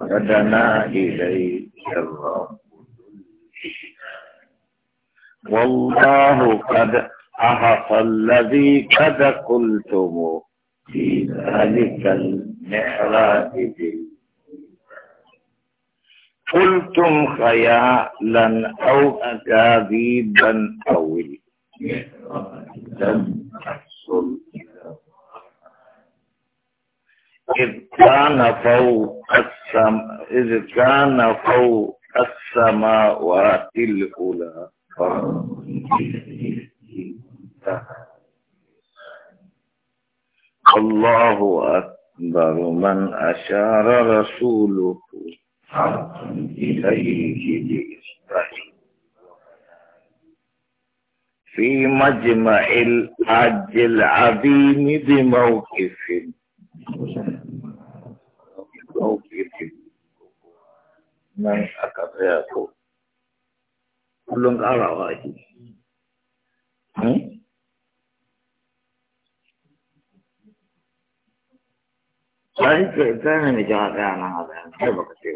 ودنا إليك الرب والله قد أحصى الذي قد قلتم في ذلك المحراب قلتم خيالا أو أكاذيبا أو لم تحصل إذ كان فوق السماء إذ كان فوق السماوات الأولى الله أكبر من أشار رسوله إليه في مجمع الحج العظيم بموقف nan aka tsaya ko kullum ƙarawa ake Sai hmm? ka gane mai jawa ɗaya nan a bayan kai baka ce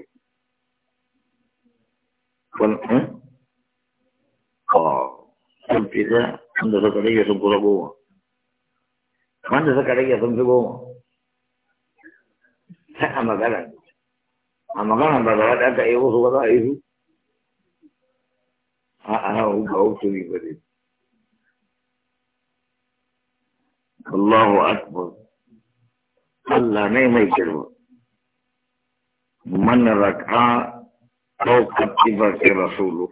wani ko hmm? oh, sun fi da wanda suka rage sun kura goma wanda suka rage sun fi goma sai a magana أما كان بعدها أنت أيه هو هذا أيه هو أنا هو بعو تري بدي الله أكبر الله نعم يكرم من ركع أو كتب في رسوله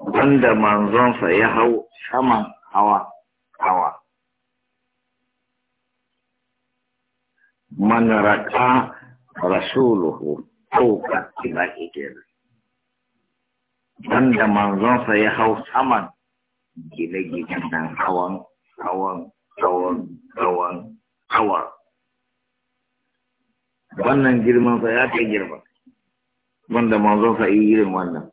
عند من زن سيهو سما هوا هوا من ركع رسوله ɗaukar ilahi kenan Banda manzonsa ya hau saman gine-ginen nan hawan hawan hawan hawan hawa wannan girmansa ya kai girma banda manzonsa yi irin wannan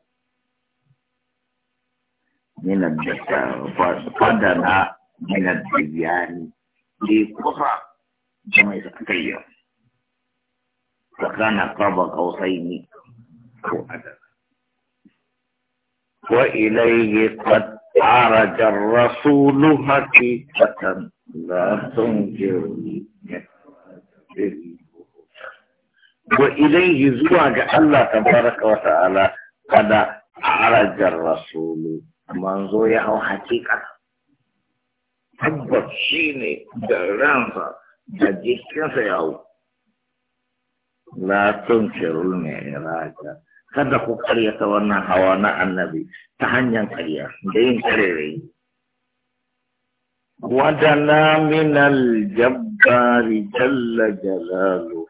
yana da fada na gina biyani da kusa da mai sa yi yau tsakana kaba kausai ne ko adana. Wa ilaihi kwat tara jan rasulu haƙi tsakan da sun jirgi Wa ilaihi zuwa ga Allah ta baraka wa ta'ala kada arajar rasulu manzo ya hau hakika tabbat shine ne da ransa da jikinsa ya hau لا تنكروا المعراج كدكو قرية توانا هوانا النبي تهنيا قرية دين كريري ودنا من الجبار جل جلاله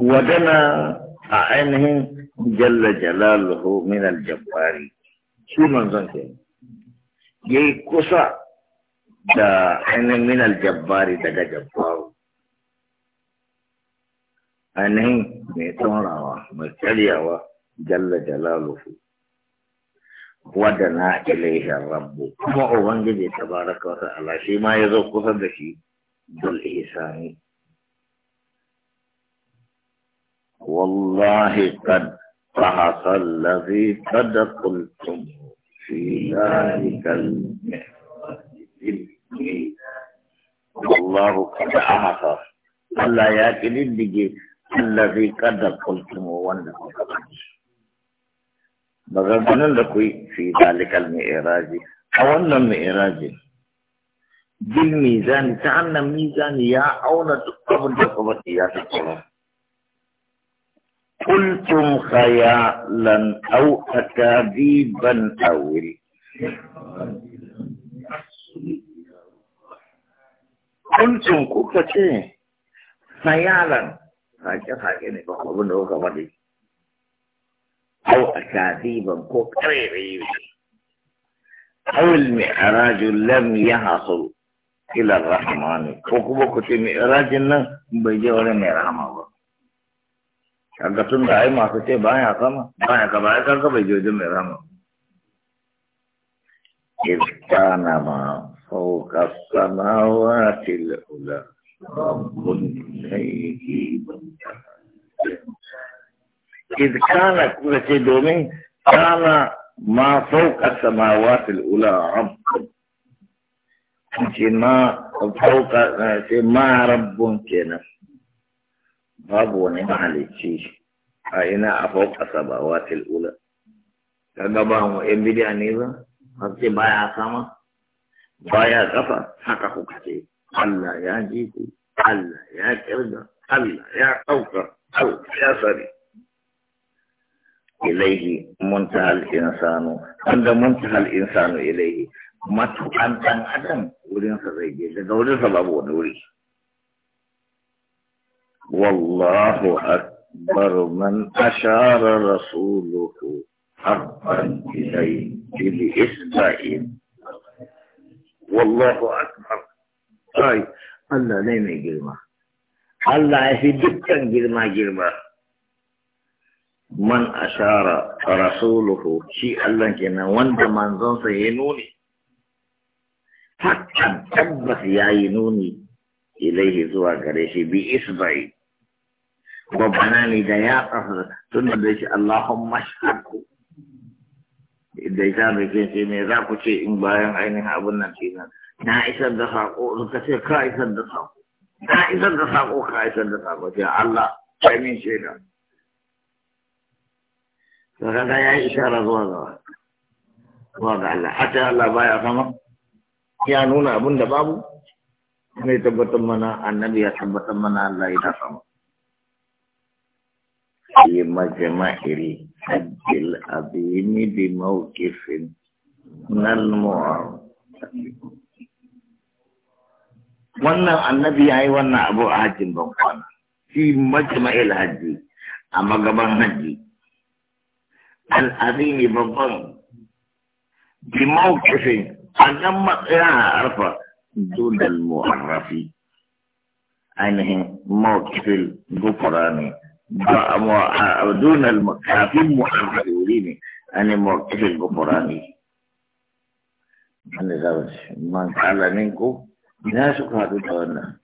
ودنا عينه جل جلاله من الجبار شو من ذنبه يكسر دا حين من الجبار دا جبار هنه ميتون وا مرتليا وا جل جلاله ودنا إليه الرب وعوانجي تبارك وتعالى شما يزو قصدشي دل إحساني والله قد فحص الذي قد قلتم في ذلك المحر والله قد أعطى الله يأكل الدجي الذي قد قلتم وأنكم قد لكي في ذلك المئراج أولا المئراج بالميزان تعالى ميزان يا أولا تقبل تقبل يا تقبل قلتم خيالا أو أكاذيبا أو kuncin kuka ce na yaran sake-sake ne ba abin da kuka faɗi au a kaziban ko ƙarairayi أو المعراج لم يحصل إلى الرحمن nan bai معراج لن بيجي ولا ba. kaga tun da ai masu ce baya sama baya ka baya kaga bai jojo mai rama irkana ma فوق السماوات العلى رب الهيئة إذ كان كل كان ما فوق السماوات الأولى رب ما فوق ما رب كنا رب ونعم عليه أين فوق السماوات الأولى كما هو إمبدي أنيضا هل تبعي أسامه بايا غفا حققوا كثير حلا يا جيتي حلا يا كرده حلا يا قوكا حلا يا صري إليه منتهى الإنسان عند منتهى الإنسان إليه ما تقان كان عدم ولين صديقي لدولي صلابو نوري والله أكبر من أشار رسوله حقا إليه بالإسرائيل wallahu akbar ai Allah ne mai girma Allah ya fi dukkan girma girma man ashara rasuluhu shi Allah kenan wanda manzonsa ya nuni hakan tabbas ya yi nuni ilaihi zuwa gare shi bi isba'i wa ne da ya tsasa tun da shi Allahumma shahadu da ita da ke ce me za ku ce in bayan ainihin abin nan ke nan na isar da sako ka ce ka isar da sako na isar da sako ka isar da sako ce Allah sai min da to kaga ya yi ishara zuwa ga zuwa ga Allah hatta Allah baya sama ya nuna abin da babu ne tabbatar mana annabi ya tabbatar mana Allah ya ta sama في مجمع الحج العظيم بموقف من المعارض wannan annabi ya yi wannan abu a hajjin ban kwana fi majma'il hajji a magaban hajji al'azimi babban bi mawqifin a nan matsaya a arfa dunal muharrafi ainihin mawqifil gufrani دون المكافين محرورين عن موقف أنا من من قال منكم ناسك هذا